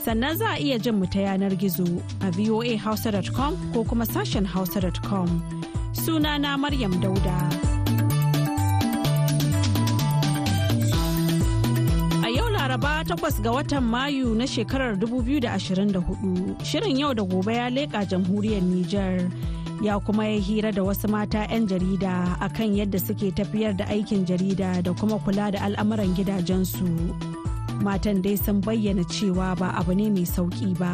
sannan za a iya jin mu ta yanar gizo a voahausa.com ko kuma sashen hausa.com sunana maryam dauda a yau laraba takwas ga watan mayu na shekarar 2024 shirin yau da gobe ya leƙa jamhuriyar Nijar ya kuma ya hira da wasu mata 'yan jarida akan yadda suke tafiyar da aikin jarida da kuma kula da al'amuran gidajensu. matan dai sun bayyana cewa ba abu ne mai sauki ba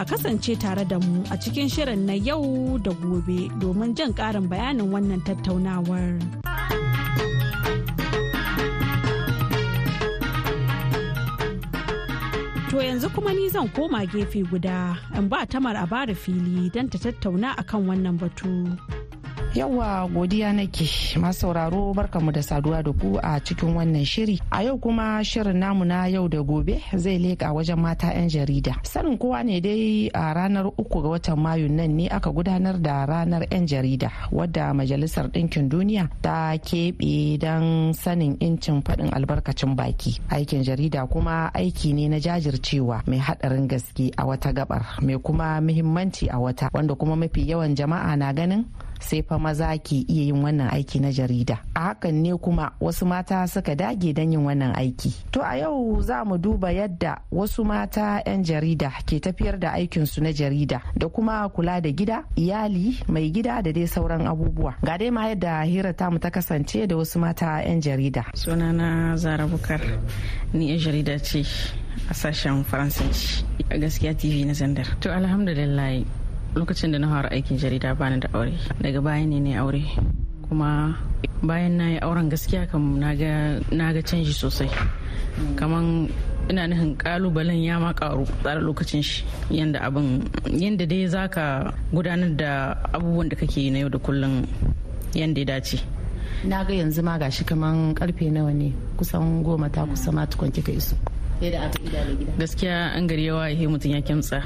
a kasance tare da mu a cikin shirin na yau da gobe domin jan ƙarin bayanin wannan tattaunawar to yanzu kuma ni zan koma gefe guda in ba tamar a bari fili don ta tattauna akan wannan batu. Yawa godiya nake masu sauraro barkamu da saduwa da ku a cikin wannan shiri. A yau kuma shirin namu na yau da gobe zai leƙa wajen mata 'yan jarida. Sanin kowa ne dai a ranar uku ga watan Mayu nan ne aka gudanar da ranar 'yan jarida wadda Majalisar Ɗinkin Duniya ta keɓe don sanin incin faɗin albarkacin baki. Aikin jarida kuma aiki ne na jajircewa mai haɗarin gaske a wata gabar mai kuma muhimmanci a wata wanda kuma mafi yawan jama'a na ganin sai fa maza ke iya yin wannan aiki na jarida a hakan ne kuma wasu mata suka dage don yin wannan aiki to a yau za mu duba yadda wasu mata 'yan jarida ke tafiyar da aikinsu na jarida da kuma kula da gida iyali mai gida da dai sauran abubuwa ga dai ma yadda hira ta mu ta kasance da wasu mata 'yan jarida sunana zara bukar ni 'yan jarida ce a sashen faransanci a gaskiya tv na zandar to alhamdulillah lokacin da na fara aikin jarida bani da aure daga baya ne ne aure kuma bayan na yi auren gaskiya kam na ga canji sosai kaman ina nufin kalubalen ya ma karu tsara lokacin shi yadda abin yadda dai za ka gudanar da abubuwan da kake na yau da kullum yadda ya dace na ga yanzu ma gashi kaman karfe nawa ne kusan goma ta kusa ma tukun kika iso gaskiya an gari yawa ya mutum ya kimtsa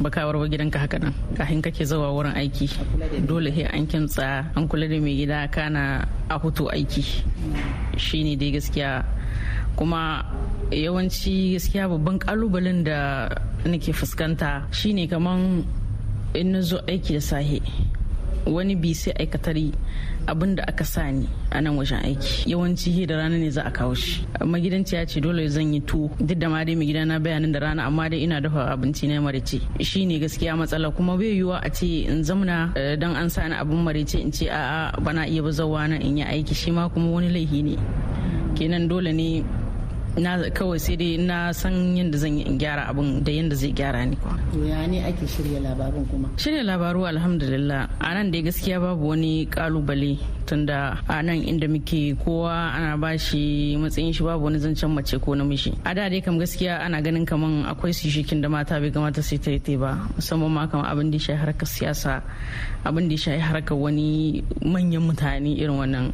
baka warwa gidanka haka nan kafin kake zuwa wurin aiki dole sai an kintsa an kula da mai gida kana a hutu aiki shine dai gaskiya kuma yawanci gaskiya babban kalubalen da nake fuskanta shine kaman in na zo aiki da sahi. wani bi sai aikatari abin da aka sa ni a nan wajen aiki yawanci da rana ne za a kawo shi magidanci ya ce dole zan yi tuwo duk da ma dai mai gidana bayanin da rana amma dai ina dafa abinci na marice shi ne gaskiya matsala kuma bai yiwuwa a ce in zamna eh, dan an sa ni abin marice in ce a'a bana iya bazawa na in yi aiki shi ma kuma wani laifi ne kenan dole ne na kawai sai dai na san yadda zan gyara abin da yadda zai gyara ni kuma. ya ne ake shirya labarin kuma shirya labaru alhamdulillah a nan dai gaskiya babu wani kalubale tunda a nan inda muke kowa ana bashi matsayin shi babu wani zancen mace ko namiji a da dai kam gaskiya ana ganin kaman akwai su shikin da mata bai kamata su ta yi ba musamman ma kamar abin da ya shafi harkar siyasa abin da ya shafi harkar wani manyan mutane irin wannan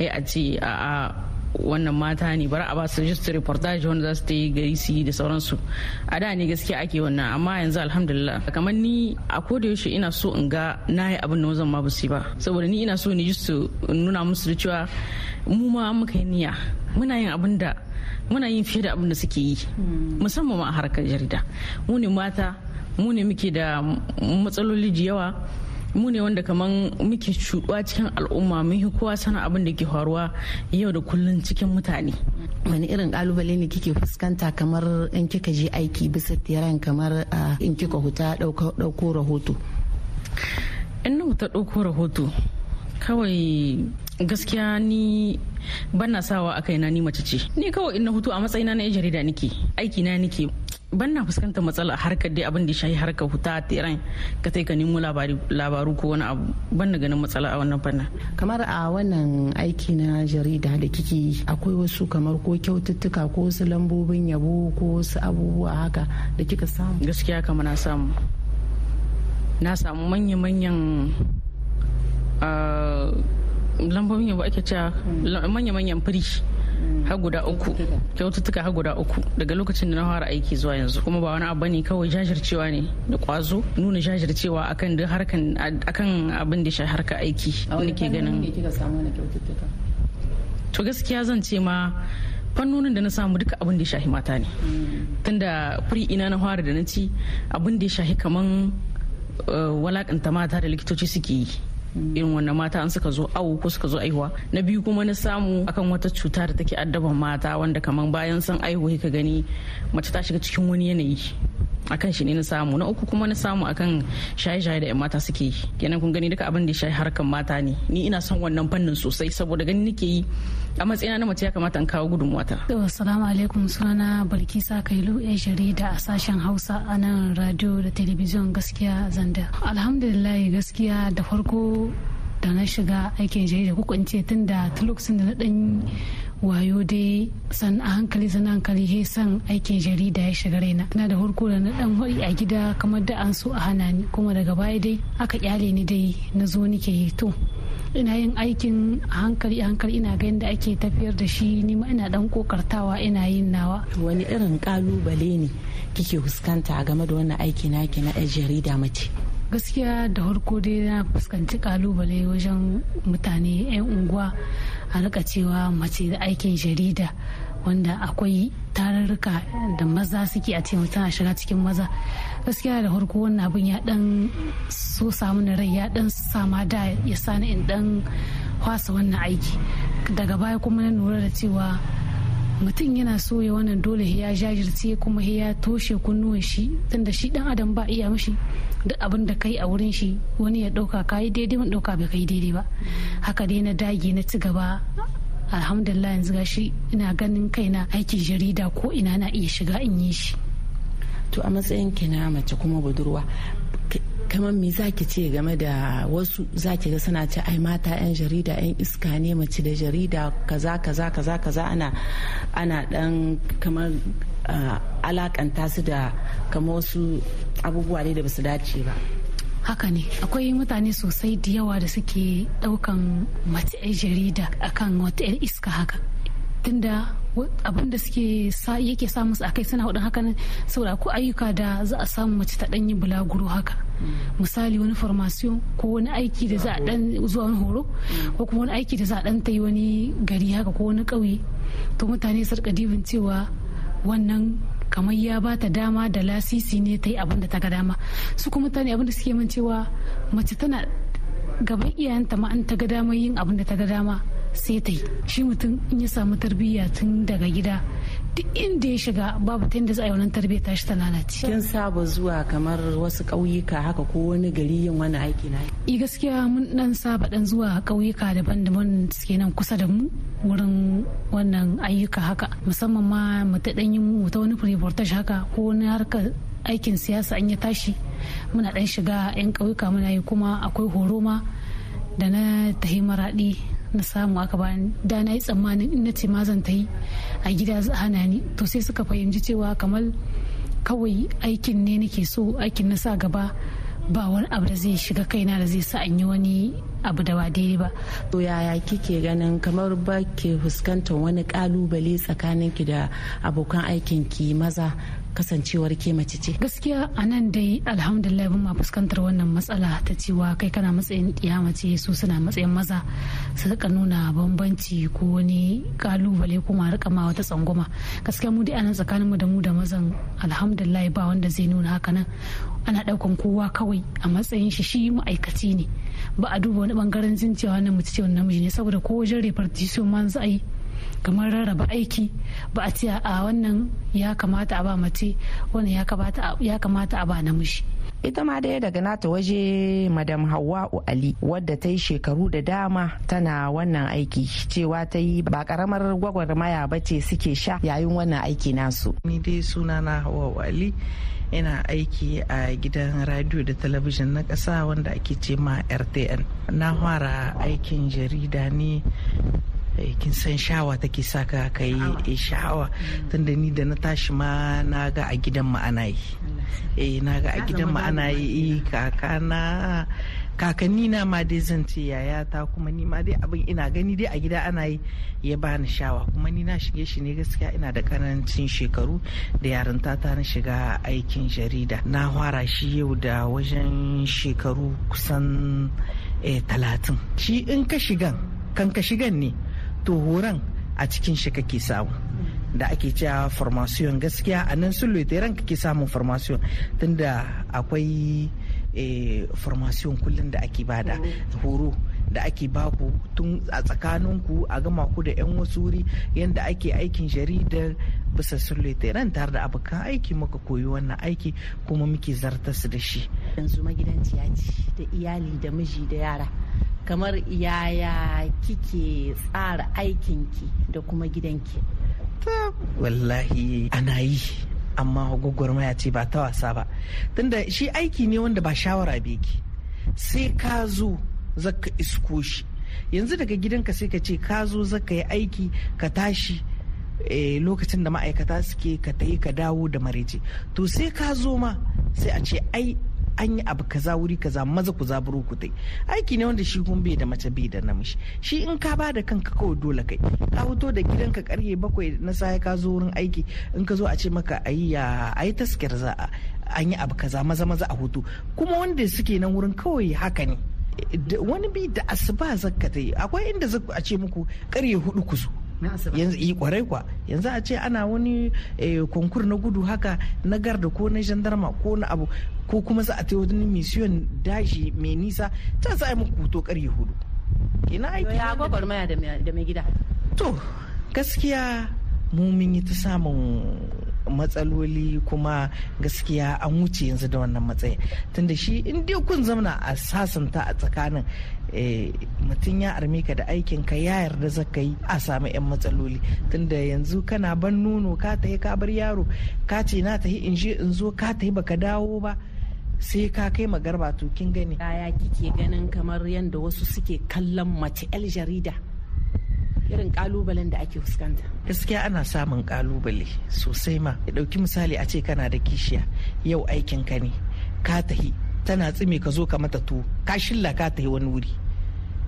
kai a ce a wannan mata ne bari a ba su register reportage wanda za su ta yi gari su yi da sauransu a da ne gaskiya ake wannan amma yanzu alhamdulillah kamar ni a koda yaushe ina so in ga na yi abin da ma ba su ba saboda ni ina so ni just nuna musu da cewa mu ma muka yi niyya muna yin abin da muna yin fiye da abin da suke yi hmm. musamman ma a harkar jarida mu ne mata mu ne muke da matsaloli da yawa mu ne wanda kamar muke cuɗuwa cikin al'umma mun yi kowa sana abin da ke faruwa yau da kullun cikin mutane wani irin kalubale ne kike fuskanta kamar in kika je aiki bisa tiran kamar in kika huta ɗauko rahoto in na huta ɗauko rahoto kawai gaskiya ni bana sawa a na ni mace ce ni kawai in na hutu a matsayina na jarida nike aiki na nike ban na fuskantar matsala harkar dai abin da shahi harkar huta a tiran ka sai ka nemo labaru ko wani abu ban na ganin matsala a wannan fannin kamar a wannan aiki na jarida da kike akwai wasu kamar ko kyaututtuka ko wasu lambobin yabo ko wasu abubuwa haka da kika samu gaskiya kama na samu na samu manya-manyan ah, lambobin yabo ake cewa manya-manyan firish har guda uku kyaututtuka har guda uku daga lokacin da na fara aiki zuwa yanzu kuma ba wani abu ne kawai jajircewa ne da kwazo nuna jajircewa akan duk harkan akan abin da shi harka aiki wani ke ganin to gaskiya zan ce ma fannonin da na samu duka abin da ya shahi mata ne mm. tunda furi ina na fara da na ci abin da ya shahi kaman eh, walakanta mata da likitoci suke yi irin wannan mata an suka zo awo ko suka zo aihuwa na biyu kuma na samu akan wata cuta da take addaban mata wanda kamar bayan san aihuwa ka gani mace ta shiga cikin wani yanayi akan shi ne na samu na uku kuma na samu akan shaye-shaye da 'yan mata suke yi kenan kun gani duka abin da ya shaye harkan mata ne ni ina son wannan fannin sosai saboda gani nake yi a matsayina na mace ya kamata an kawo gudunmuwata. to assalamu alaikum sunana balkisa kailu ya jarida a sashen hausa a nan radio da telebijin gaskiya zanda alhamdulillah gaskiya da farko da na shiga aikin jarida kuka in ce tun da lokacin da na dan wayo dai san a hankali san hankali he san aikin jarida ya shiga raina na da hurko da na dan hori a gida kamar da an so a hana ni kuma daga baya dai aka kyale ni dai na zo nike yi to ina yin aikin a hankali a hankali ina ga yadda ake tafiyar da shi ni ma ina dan kokartawa ina yin nawa wani irin kalubale ne kike fuskanta game da wannan aiki naki na jarida mace gaskiya da harko dai na fuskanci kalubale wajen mutane 'yan unguwa a rika cewa mace da aikin jarida wanda akwai tararruka da maza suke a cewa tana shiga cikin maza gaskiya da harko wannan abin ya dan so samu na rai ya dan sama da ya sani in dan kwasa wannan aiki daga baya kuma na nura da cewa mutum yana so ya wannan dole ya jajirce kuma ya toshe kunnuwan shi tunda shi dan adam ba iya mishi duk abin da kai a wurin shi wani ya dauka kayi daidai wani dauka bai kai daidai ba haka dai na dage na ci gaba alhamdulillah yanzu gashi ina ganin kaina aiki jarida ko ina na iya shiga in yi shi to a matsayin ki na mace kuma budurwa kamar me ki ce game da wasu zaki ga suna ce ai mata yan jarida yan iska ne mace da jarida kaza kaza kaza kaza ana ana dan kamar alakanta su da kamar wasu abubuwa ne da basu dace ba haka ne akwai mutane sosai da yawa da suke daukan mace 'yan jarida akan wata 'yan iska haka tunda abin da suke yake sa musu akai suna hudun haka saboda ko ayyuka da za a samu mace ta danyi bulaguro haka misali wani formation ko wani aiki da za a dan zuwa wani horo ko kuma wani aiki da za a dan ta yi wani gari haka ko wani ƙauye to mutane su rika cewa wannan kamar ya ba ta dama da lasisi ne ta yi abin da ta ga dama su kuma mutane abin da suke min cewa mace tana gaban iyayenta ma an ta ga dama yin abin da ta ga dama sai ta yi shi mutum in ya samu tarbiyya tun daga gida duk inda ya shiga babu ta inda za a yi wannan ta tashi ta lalace. Kin saba zuwa kamar wasu ƙauyuka haka ko wani gari yin wani aiki na? I eh, gaskiya mun dan saba dan zuwa ƙauyuka daban-daban suke nan kusa da mu wurin wannan ayyuka haka musamman ma mu ta dan yi mu ta wani reportage haka ko wani harkar aikin siyasa an ya tashi muna dan shiga 'yan ƙauyuka muna yi kuma akwai horo ma da na tahi maraɗi na samu aka bani da na yi tsammanin in na ce ma zan ta yi a gida za hana ni to sai suka fahimci cewa kamar kawai aikin ne nake so aikin na sa gaba ba wani abu da zai shiga kaina da zai sa an yi wani abu da ba ba. To yaya kike ganin kamar ba ke fuskantar wani kalubale tsakaninki da abokan aikin ki maza kasancewar ke mace ce. Gaskiya a nan dai alhamdulillah mun ma fuskantar wannan matsala ta cewa kai kana matsayin ɗiya mace su suna matsayin maza su rika nuna bambanci ko wani kalubale ko ma rika ma wata tsangwama. Gaskiya mu dai a tsakanin mu da mu da mazan alhamdulillah ba wanda zai nuna haka nan ana ɗaukan kowa kawai a matsayin shi shi ma'aikaci ne ba a duba wani bangaren jin cewa wannan mace ce wannan namiji ne saboda ko wajen repartition man za a yi kamar rarraba aiki ba a ce a wannan ya kamata a ba mace wannan ya kamata a ba namiji ita ma daya daga nata waje madam hawa'u ali wadda ta yi shekaru da dama tana wannan aiki cewa ta yi ba karamar gwagwarmaya ba ce suke sha yayin wannan aiki nasu ni dai suna na hawa'u ali ina aiki a gidan radio da talabijin na ƙasa wanda ake ce ma rtn na fara aikin jarida ne eh, kin san shawa take saka ka yi sha'awa eh, mm. tunda ni da na tashi ma na ga a gidan ma'ana yi eh na ga a gidan ma'ana yi kakana kakanni na ma dai zan ce yaya ta kuma ni ma dai abin ina gani dai a gida ana yi ya bani shawa kuma ni na shige shi ne gaskiya ina da karancin shekaru da yarinta ta na shiga aikin jarida na fara shi yau da wajen shekaru kusan eh, talatin shi in ka shigan kan ka shigan ne to horon a cikin shi kake samu da ake cewa formation gaskiya a nan sun ranka kake samun formation tunda akwai Eh, formation kullum da ake bada horo da ake baku tun a tsakaninku a gama ku da 'yan wasu wuri yadda ake aikin jaridar bisa sulitaren tare da abokan aiki muka koyi wannan aiki kuma muke zartas da shi yanzu ciya ce da iyali da miji da yara kamar yaya kike tsara aikinki da kuma gidanki ta wallahi ana yi amma gwagwarmaya ce ba ta wasa ba tunda shi aiki ne wanda ba shawara ki sai ka zo zaka isko shi yanzu daga gidanka sai ka ce ka zo zaka yi aiki ka tashi eh, lokacin da ma'aikata suke ka tayi ka dawo da marece to sai ka zo ma sai a ce ai an yi abu kaza wuri kaza maza ku zaburo ku tai aiki ne wanda shi kun bai da mace bai da namiji shi in ka ba da kanka kawai dole kai ka fito da gidanka karye bakwai na sai ka zo wurin aiki in ka zo a ce maka ayi ya ayi taskiyar za a an yi abu kaza maza maza a hutu kuma wanda suke nan wurin kawai haka ne wani bi da asuba zakka ta yi akwai inda za a ce muku karye hudu ku zo yanzu yi eh, kwarai kwa yanzu a ce ana wani eh, konkur na gudu haka na garda ko na jandarma ko na abu ko kuma za a ta wani misiyon dashi mai nisa ta za muku hoto karye hudu ina aiki ya da mai gida to gaskiya mu mun yi ta samun matsaloli kuma gaskiya an wuce yanzu da wannan matsayin tunda shi in dai kun zamana a sasanta a tsakanin eh, mutum ya arme ka da aikin ka ya yarda zaka yi a samu yan matsaloli tunda yanzu kana ban nono ka yi ka bar yaro ka ce na tahi in je in zo ka tahi baka dawo ba sai ka kai garba to kin gani kaya kike ganin kamar yadda wasu suke kallon mace 'yar jarida irin kalubalen da ake fuskanta gaskiya ana samun kalubale sosai ma ya dauki misali a ce kana da kishiya yau aikin ka ne ka tahi tana tsime ka zo ka mata tuwo ka shilla ka tahi wani wuri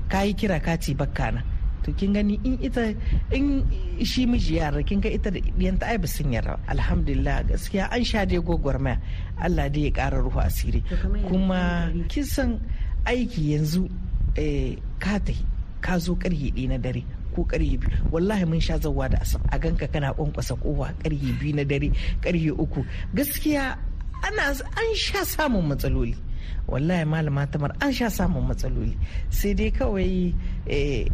ka yi kira ka ce bakka to kin gani in ita in shi miji yara kin ga ita da diyanta ai sun yarda alhamdulillah gaskiya an sha dai gwagwarmaya Allah dai ya kara ruhu asiri kuma kin san aiki yanzu eh, ka ka zo karye ɗi na dare ko karhe biyu wallahi mun sha zawa da asa a ganka kana kwankwasa kowa karhe biyu na dare karhe uku gaskiya ana an sha samun matsaloli wallahi malama tamar an sha samun matsaloli sai dai kawai eh,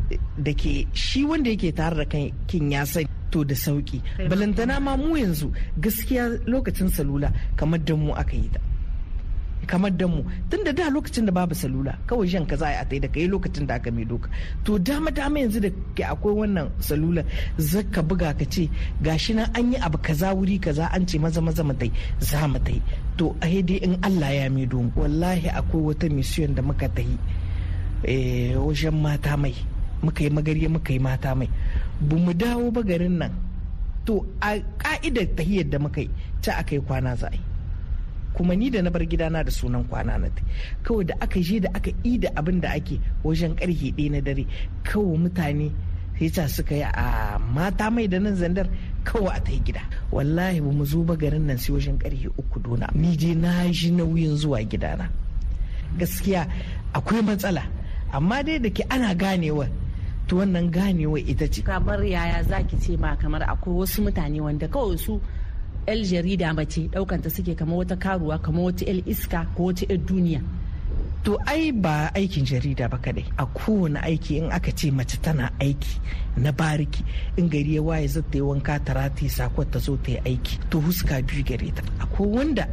da ke shi wanda yake tare da kin ya sani to da sauki balantana ma mu yanzu gaskiya lokacin salula kamar da mu aka yi ta kamar da mu tun da da lokacin da babu salula kawai jan ka za a tai da kai lokacin da aka mai doka to dama dama yanzu da ke akwai wannan salula zaka buga ka ce gashi nan an yi abu kaza wuri kaza an ce maza maza mu tai za mu tai to a dai in Allah ya mai mu wallahi akwai wata mission da muka eh wajen mata mai muka yi magarya muka yi mata mai bu mu dawo ba garin nan to a ka'idar tahiyar da muka yi ta akai kwana za kuma ni da na bar gidana da sunan kwana na kawai da aka je da aka i da abin da ake wajen karhe ɗaya na dare kawai mutane sai suka yi a ah, mata mai da nan zandar kawai a ta gida wallahi ba mu zo ba garin nan sai wajen karfe uku dona ni je na shi nauyin zuwa gidana gaskiya akwai matsala amma dai da ke ana ganewa to wannan ganewa ita ce kamar yaya zaki ce ma kamar akwai wasu mutane wanda kawai su 'yan jarida mace ɗaukanta suke kama wata karuwa kama wata 'yan iska ko wata 'yan duniya to ai ba aikin jarida ba kadai a kowane aiki in aka ce mace tana aiki na bariki in gari ya waye ta yi wanka ta rati sakon ta zo ta yi aiki to huska biyu gare ta akwai wanda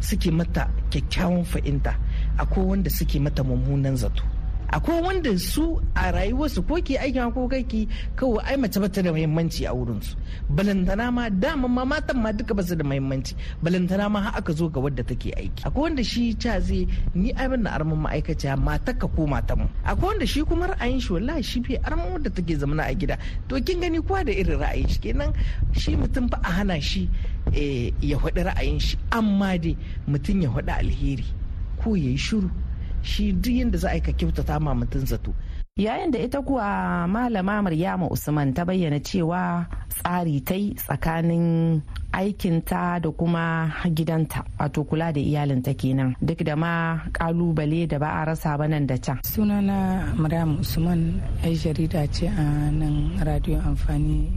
suke mata kyakkyawan fa'inta akwai wanda suke mata mummunan zato akwai wanda su a rayuwarsu ko ke aikin ko kai ke kawai ai mace bata da muhimmanci a wurin su balantana ma dama ma matan ma duka basu da muhimmanci balantana ma har aka zo ga wadda take aiki akwai wanda shi ca zai ni abin da arman ma'aikaciya matar ka ko matan mu akwai wanda shi kuma ra'ayin shi wallahi shi bai arman wadda take zamana a gida to kin gani kowa da irin ra'ayin shi kenan shi mutum fa a hana shi eh, ya faɗi ra'ayin shi amma dai mutum ya faɗi alheri ko ya shiru shi duk yadda za a yi ka kyautata ma mutum zato yayin da ita kuwa malama maryama usman ta bayyana cewa tsari ta yi tsakanin aikinta da kuma gidanta wato kula da iyalin ta kenan duk da ma kalubale da ba a rasa ba nan da can sunana Maryama usman ai jarida ce a nan radio amfani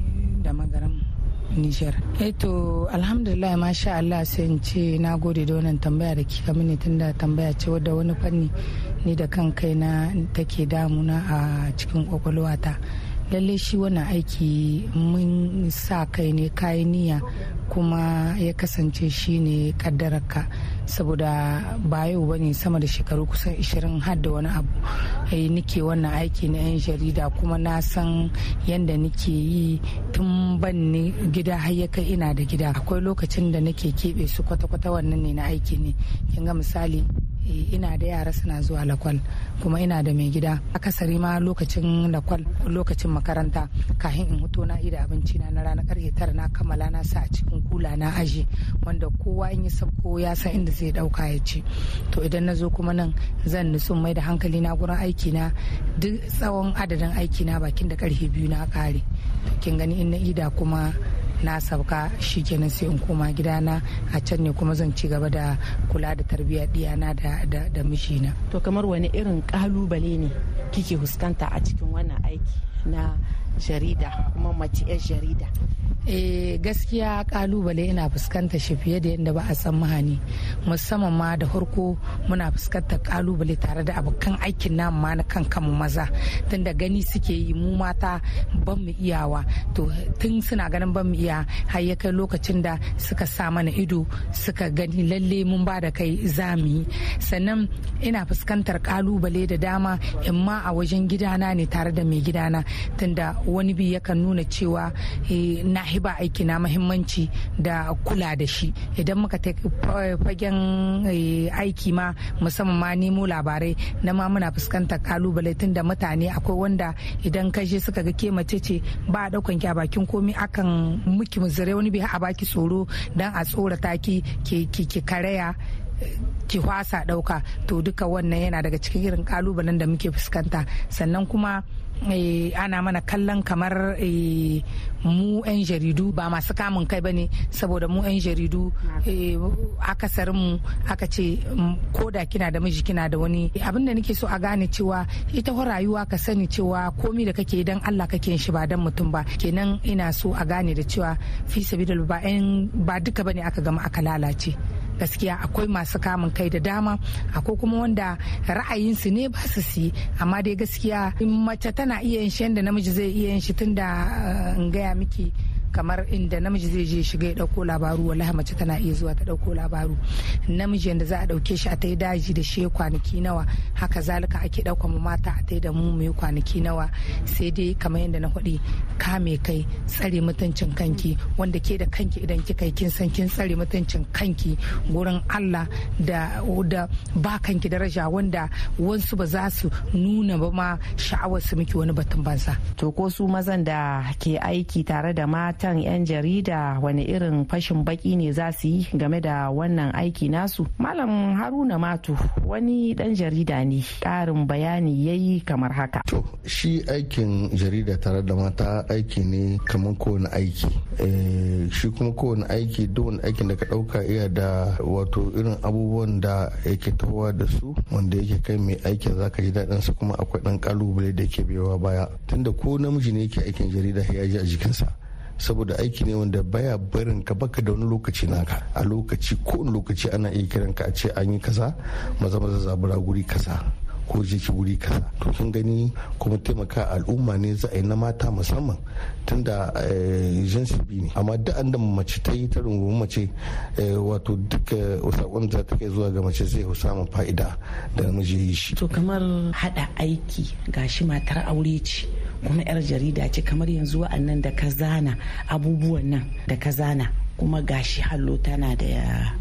da magaram Nijar. Eto eh alhamdulillah masha Allah sai in ce na gode da wannan tambaya da kika mini tunda tambaya ce wadda wani fanni ni da kan kaina take damuna a cikin kwakwalwata. lallai shi wannan aiki mun sa kai ne kayi niyya kuma ya kasance shi ne kaddararka saboda ba yau ba ne sama da shekaru kusan 20 har da wani abu eh, nike wannan aiki na 'yan jarida kuma na san yadda nike yi tun ban ne gida har ina da gida akwai lokacin da nake keɓe su kwata-kwata wannan ne na aiki ne kinga misali Eh, ina da yara suna zuwa lakwal kuma ina da mai gida akasari ma lokacin lakwal lokacin makaranta kafin in huto na ida abinci na rana karfe tara na kammala na sa a cikin kula na aji wanda kowa in yi sabko ya san inda zai dauka ya ci to idan na zo kuma nan zan nutsu mai da hankali na gurin aiki na duk tsawon adadin aiki na bakin da karfe biyu na kare kin gani in na ida kuma na sauka kenan sai in koma gidana a can ne kuma zan ci gaba da kula da tarbiyya diyana da mishina to kamar wani irin kalubale ne kike fuskanta a cikin wannan aiki na jarida kuma mace 'yar jarida eh gaskiya kalubale ina fuskanta shi fiye da yadda ba a san mahani musamman ma da farko muna fuskantar kalubale tare da abokan aikin na ma na kan kanmu maza tun da gani suke yi mu mata ban mu iyawa to tun suna ganin ban mu iya har ya kai lokacin da suka sa mana ido suka gani lalle mun ba da kai zamu yi sannan ina fuskantar kalubale da dama in ma a wajen gidana ne tare da mai gidana tunda wani bi yakan nuna cewa eh, na hiba aiki na mahimmanci da kula da shi idan muka ta fagen eh, aiki ma musamman ma nemo labarai na ma muna fuskantar kalubale tunda mutane akwai wanda idan ka suka ga ke mace ce ba a daukan ki a bakin komi akan muki muzare wani bi a baki tsoro dan a tsorata ki ki karaya ki fasa dauka to duka wannan yana daga cikin irin kalubalen da muke fuskanta sannan kuma Eh, ana mana kallon kamar eh, mu 'yan jaridu ba masu kamun kai ba ne saboda mu 'yan jaridu eh, akasarinmu mu aka ce mm, koda kina da miji kina da wani abin da nake so a gane cewa ita rayuwa ka sani cewa komi da kake dan Allah kake shi ba dan mutum ba kenan ina so a gane da cewa fi sabidal ba duka bane aka gama aka lalace gaskiya akwai masu kamun kai da dama akwai kuma wanda ra'ayinsu ne ba su si amma dai gaskiya mace tana iya yin shi yadda namiji zai iya yin shi tun da eh, in gaya miki kamar inda namiji zai je shiga ya dauko labaru wallahi mace tana iya zuwa ta dauko labaru namiji yanda za a dauke shi a tai daji da shi kwanaki nawa haka zalika ake dauka mu mata a tai da mu mu kwanaki nawa sai dai kamar yanda na faɗi kame kai tsare mutuncin kanki wanda ke da kanki idan kika yi kin san kin tsare mutuncin kanki gurin Allah da da ba kanki daraja wanda wasu ba za su nuna ba ma sha'awar su miki wani batun bansa to ko su mazan da ke aiki tare da mata kan 'yan jarida wani irin fashin baki ne za su yi game da wannan aiki nasu malam haruna matu wani dan jarida ne ƙarin bayani ya yi kamar haka to shi aikin jarida tare da mata aiki ne kamar kowane aiki eh, shi kuma kowane aiki don aikin da ka dauka iya da wato irin abubuwan da yake tawa da su wanda yake kai mai aikin za ka ji daɗin su kuma akwai ɗan ƙalubale da ke biyowa baya tunda ko namiji ne yake aikin jarida ya ji a jikinsa saboda aiki ne wanda baya barin ka baka da wani lokaci naka a lokaci ko lokaci ana iya kiran ka a ce an yi kaza maza maza zabura guri kaza ko jiki wuri kaza to kin gani kuma taimaka al'umma ne za a yi na mata musamman tunda jinsi eh, biyu ne amma duk an da mace ta yi ta rungumi mace eh, wato duk eh, sakon da ta kai zuwa ga mace zai samu fa'ida da namiji yi shi to kamar haɗa aiki gashi matar aure ce kuma 'yar jarida ce kamar yanzu nan da ka zana abubuwan nan da ka zana kuma gashi hallo tana da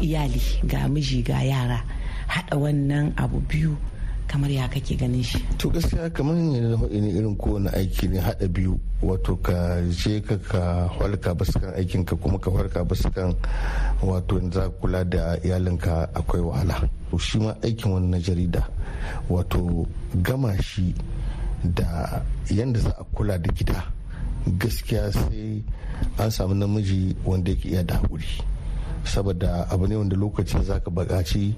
iyali ga miji ga yara haɗa wannan abu biyu kamar ya kake ganin shi to gaskiya kamar ne na faɗi ne irin kowane aiki ne haɗa biyu wato ka je ka ka halka baskan aikin ka kuma ka halka baskan wato za kula da iyalinka akwai wahala to shi ma aikin wannan jarida wato gama shi da yadda za a kula da gida gaskiya sai an samu namiji wanda yake iya da hakuri saboda abu ne wanda lokacin zaka bagaci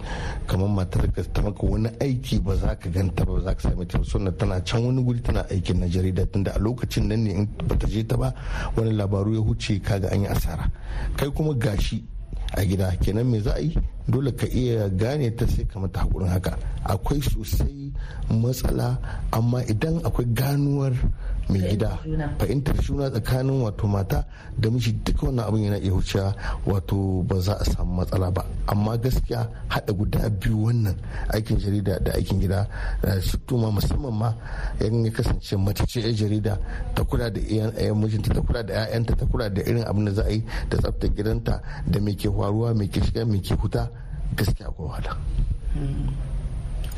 kamar matar ka ta maka wani aiki ba za ka ganta ba za ka sami ta suna tana can wani guri tana aikin na jarida tunda a lokacin nan ne in ba ta je ta ba wani labaru ya huce kaga an yi asara kai kuma gashi a gida kenan me za a yi dole ka iya gane ta sai ka ta hakurin haka akwai sosai matsala amma idan akwai ganuwar mai gida fahimtar juna tsakanin wato mata da miji duka wannan abin yana iya wucewa wato ba za a samu matsala ba amma gaskiya hada guda biyu wannan aikin jarida da aikin gida da eh, ma musamman ma yan ya kasance matace jarida ta kula da ayan eh, mijinta ta kula da 'ya'yanta ta kula da irin abin da za a yi da tsaftar gidanta da me ke faruwa me ke shiga me ke huta gaskiya akwai wahala hmm.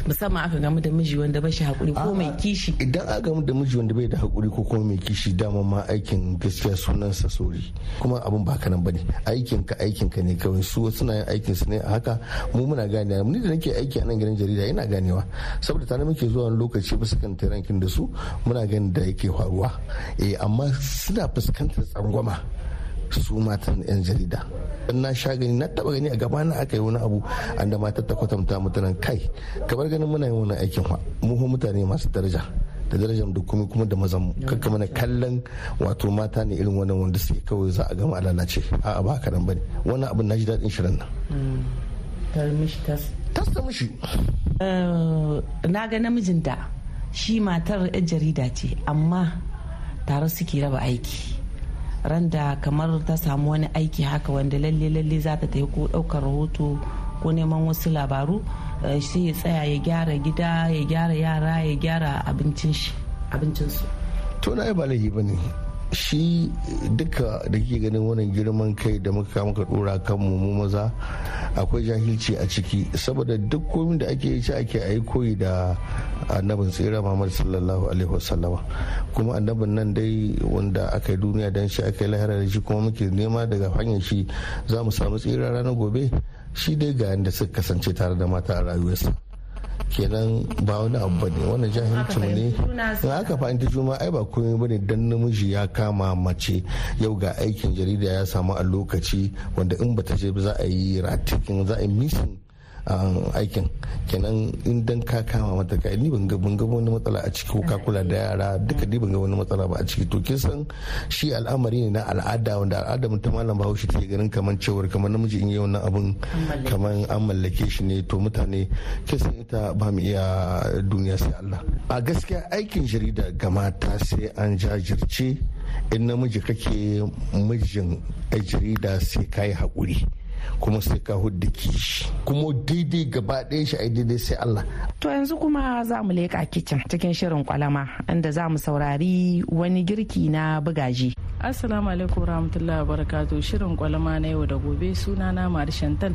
musamman aka gamu da miji wanda ba shi hakuri ko mai kishi idan aka gamu da miji wanda bai da hakuri ko kuma mai kishi dama ma aikin gaskiya sunansa sori kuma abin ba kanan bane aikin ka aikin ka ne kawai su suna yin aikin su ne a haka mu muna ganewa ni da nake aiki a nan gidan jarida ina ganewa saboda tare muke zuwa wani lokaci bisa kan tarankin da su muna ganin da yake faruwa eh amma suna fuskantar tsangwama su matan yan jarida in na sha gani na taba gani a gaba na aka yi wani abu an da matar ta kwatanta mutanen kai kamar ganin muna yin wani aikin mu mutane masu daraja da darajar da kuma kuma da mazan mu kakka mana kallon wato mata ne irin wannan wanda suke kawai za a gama lalace a ba karan bane wannan abin na ji daɗin shirin nan tasta hmm. mishi eh, na ga namijin da shi matar jarida ce amma tare suke raba aiki randa kamar ta samu wani aiki haka wanda lalle lalle za ta ko ɗaukar rahoto ko neman wasu labaru eh, shi ya tsaya ya gyara gida ya gyara yara ya gyara abincin shi abincin su to na ba laifi bane shi duka da ke ganin wannan girman kai da muka muka dora kan mu maza akwai jahilci a ciki saboda duk komin da ake yi ci ake yi koyi da annabin tsira muhammad sallallahu alaihi wasallama kuma annabin nan dai wanda aka yi duniya don shi aka yi lahira da shi kuma muke nema daga hanyar shi za mu samu tsira ranar gobe shi dai ga yadda suka kasance tare da mata a rayuwarsa kenan ba wani abu bane wannan jahilcin ne in aka fahimta juna ai ba komai ne dan namiji ya kama mace yau ga aikin jarida ya samu a lokaci wanda in bata je za a yi ratikin za a yi misin aikin kenan in dan ka kama mata ka ni ban ga wani matsala a ciki ko ka kula da yara duka ni ban ga wani matsala ba a ciki to kin san shi al'amari ne na al'ada wanda al'ada mutum malam Bahaushe take ganin kaman cewar kaman namiji in yi wannan abun kaman an mallake shi ne to mutane kin san ita ba mu iya duniya sai Allah a gaskiya aikin jarida ga mata sai an jajirce in namiji kake mijin jarida sai kai hakuri kuma sai ka hudda kishi kuma daidai gaba ɗaya shi ai daidai sai Allah. To yanzu kuma za mu leƙa kicin cikin shirin kwalama inda za mu saurari wani girki na bugaji. Assalamu alaikum warahmatullahi wabarakatuh shirin kwalama na yau da gobe suna sunana Marishantan.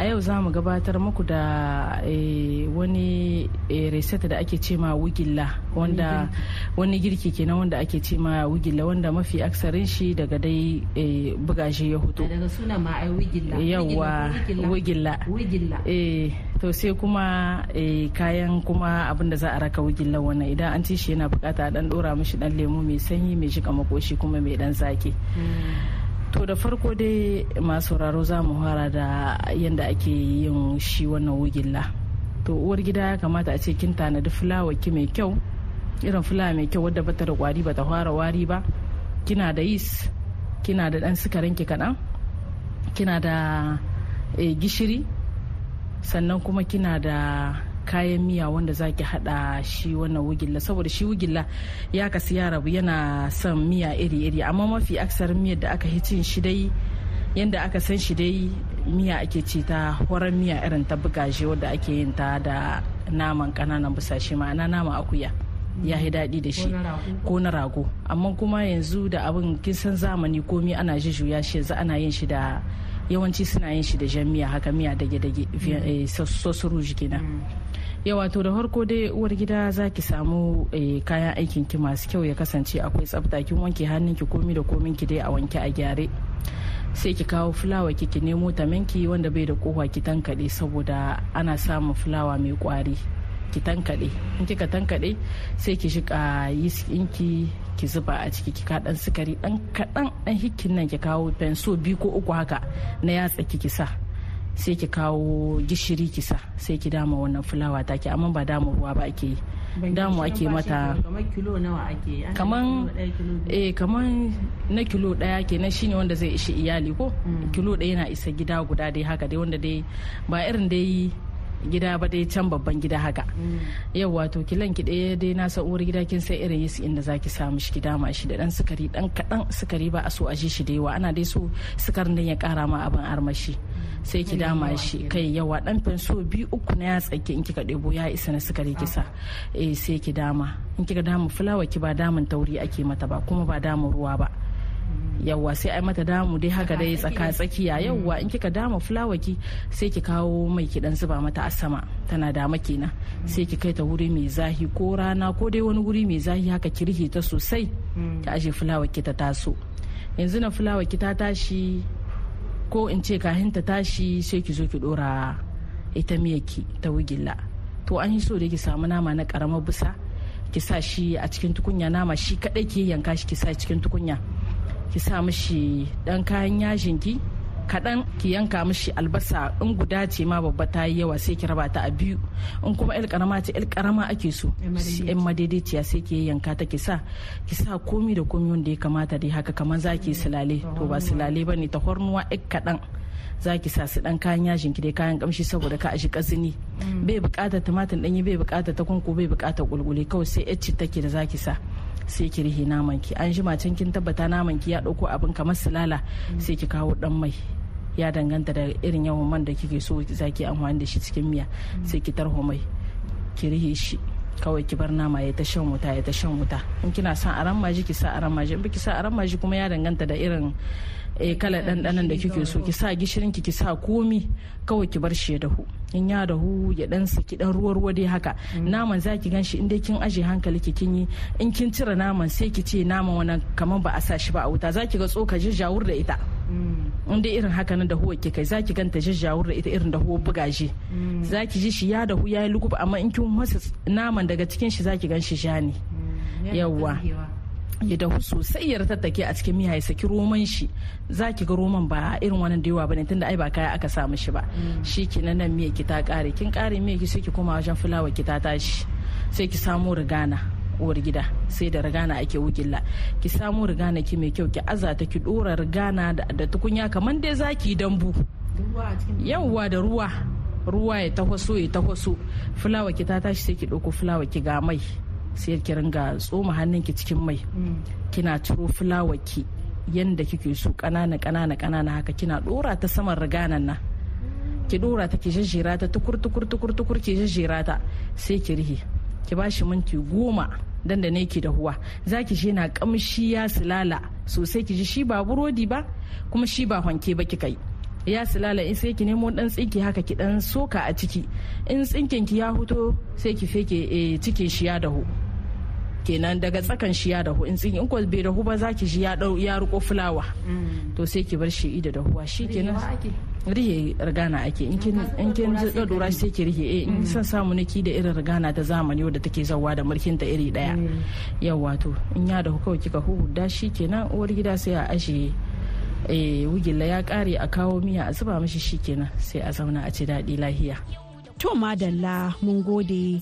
a yau za mu gabatar muku da eh, wani eh, reset da ake cema wigilla wanda wani girki kenan wanda ake cema ma wigilla wanda mafi aksarin shi daga dai eh, bugashe ya hoto daga suna ma ai wigilla yawa wigilla wigilla eh to sai kuma kayan kuma abin da za a raka wigilla wannan idan an ci shi yana bukata a dan dora mishi dan lemu mai sanyi mai shi makoshi kuma mai dan zaki hmm. to da farko dai masu sauraro za mu fara da yadda ake yin shi wannan wugilla to uwar gida ya kamata a ce kin tanadi fulawa ki mai kyau irin fulawa mai kyau wadda bata da kwari bata fara wari ba kina da yis kina da dan sukarin ki kaɗan kina da eh, gishiri sannan kuma kina da kayan miya wanda zaki hada shi wannan wugilla saboda shi wugilla ya kasu ya rabu yana son miya iri-iri amma mafi aksar miyar da aka hicin shi dai yadda aka san shi dai miya ake ce ta horon miya irin ta bugaje wadda ake yin ta da naman kananan busashe ma'ana nama akuya ya yi daɗi da shi ko na rago amma kuma yanzu da abin kin san zamani komi ana jujjuya shi yanzu ana yin shi da yawanci suna yin shi da jan miya haka miya dage-dage mm. eh, kenan mm. yawa to da harko dai uwar gida za ki samu eh, kayan aikin ki masu kyau ya kasance akwai tsafta kin wanke hannun ki komi da komin ki dai a wanke a gyare sai ki kawo fulawa ki ki nemo taminki wanda bai da kowa ki tankade saboda ana samun fulawa mai kwari ki tankade in kika tankade sai ki shiga yeast ɗinki ki zuba a ciki ki kaɗan sukari ɗan kaɗan ɗan hikkin nan ki kawo fenso biyu ko uku haka na yatsa ki sa sai ki kawo gishiri kisa sai ki dama wannan fulawa take amma ba dama ruwa ba ake yi damu ake mata kaman eh kaman na kilo daya kenan shine wanda zai ishi iyali ko mm. kilo daya yana isa gida guda dai haka dai wanda dai ba irin dai gida ba dai can babban gida haka mm. yau wato kilan ki ɗaya dai na uwar gida kin sai irin yasi inda zaki sa mishi ki dama shi da dan sukari dan kadan sukari ba a so a ji shi da yawa ana dai so sukarin nan ya kara ma abin armashi sai ki dama shi kai yawa dan fenso biyu uku na ya tsaki in kika ɗebo ya isa na sukari kisa ah. eh sai ki dama in kika dama fulawa ki ba damun tauri ake mata ba kuma ba damun ruwa ba yawwa sai ai mata damu dai haka dai tsaka tsakiya mm. yawwa in kika dama fulawa ki sai ki kawo mai ki dan zuba mata a sama tana dama kenan mm. sai ki kai ta wuri mai zahi ko rana ko dai wani wuri mai zahi haka ki rihe ta sosai mm. ki aje fulawa ki ta taso yanzu na fulawa ki ta tashi ko in ce kahin ta tashi sai ki zo ki dora ita ki ta wigila to an yi so da ki samu nama na karamar busa ki sa shi a cikin tukunya nama shi kadai ki yanka shi ki sa cikin tukunya ki sa mishi dan kayan yajin ki kaɗan ki yanka mishi albasa in guda ce ma babba ta yi yawa sai ki raba ta a biyu in kuma il karama ce il karama ake so yan madaidaiciya sai ki yanka ta ki sa ki sa komi da komi wanda ya kamata dai haka kamar za ki silale to ba silale ba ne ta hornuwa ik kaɗan za ki sa su dan kayan yajin ki dai kayan kamshi saboda ka aji kazini bai bukatar tumatir danyi bai bukatar ta kunku bai bukatar gulgule kawai sai yacce take da za ki sa sai ki rihe naman ki an jima can kin tabbata naman ki ya dauko abin kamar silala sai ki kawo dan mai ya danganta da irin yawan man da kike so za ki amfani da shi cikin miya sai ki tarho mai ki rihe shi kawai ki bar nama ya ta shan wuta ya ta shan wuta in kina son aran maji ki sa aran maji in biki sa aran maji kuma ya danganta da irin eh kala ɗanɗanon da kike so ki sa gishirin ki kisa sa komi kawai ki bar shi ya dahu in ya dahu ya dan saki dan ruwa ruwa dai haka mm. naman zaki ganshi in dai kin aje hankali ki kinyi yi in kin cire naman sai ki ce naman wannan kamar ba a sa shi ba a wuta zaki ga tsoka jawur da ita mm. in dai irin haka da huwa ki kai zaki ganta jajjawur da ita irin buga bugaje mm. zaki ji shi ya dahu ya yi lugub amma in kin masa naman daga cikin shi zaki ganshi shi ja ne ya dahu sosai ya ratattake a cikin miya ya saki roman shi za ki ga roman ba irin wannan da yawa bane tunda ai ba kaya aka samu shi ba mm. shi ki nan nan miyaki ta kare kin kare miyaki sai ki koma wajen fulawa ki ta tashi sai ki samu rigana uwar gida sai da rigana ake wukilla ki samu rigana ki mai kyau ki azata ki dora rigana da tukunya kamar dai zaki dambu yawwa da ruwa ruwa ya tahwaso ya tahwaso fulawa ki ta tashi sai ki ɗauko fulawa ki ga mai sai ki ringa tsoma hannun ki cikin mai mm. kina ciro fulawa ki yanda kike so kanana kanana kanana haka kina dora ta saman riganan nan ki dora ta ki jejjera ta tukur tukur tukur tukur ki jejjera ta sai ki rihe ki bashi minti goma dan da ne ki da za ki je na kamshi ya silala sosai ki ji shi ba burodi ba kuma shi ba hanke ba kika yi ya silala in sai ki nemo dan tsinki haka ki dan soka a ciki in tsinkin ki ya huto sai ki feke eh, cike shi ya dahu kenan daga tsakan shi ya dahu in tsin in ko bai dahu ba zaki shi ya dau ya riko fulawa mm. to sai ki bar shi ida shi kenan rihe rigana ake in kin in kin dora sai ki rihe eh in mm. san samu niki da irin rigana ta zamani wadda take zawa da mulkin ta iri daya mm. yawa to in ya dahu kawai kika hu shi kenan uwar gida sai a ajiye eh wugilla ya kare a kawo miya a zuba mishi kenan sai a zauna a ci daɗi lahiya to madalla mun gode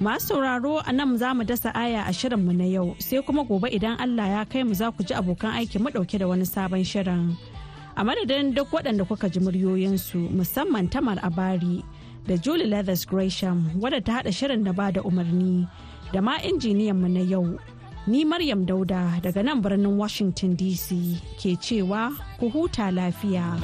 Masu sauraro a nan za mu dasa aya a shirinmu na yau sai kuma gobe idan Allah ya kai mu za ku ji abokan aiki mu dauke da wani sabon shirin. A madadin duk waɗanda kuka ji muryoyinsu musamman Tamar Abari da Julie Leathers Gresham wadda ta haɗa shirin da ba da umarni da ma injiniyan mu na yau. Ni Maryam Dauda daga nan birnin Washington DC ke cewa ku huta lafiya.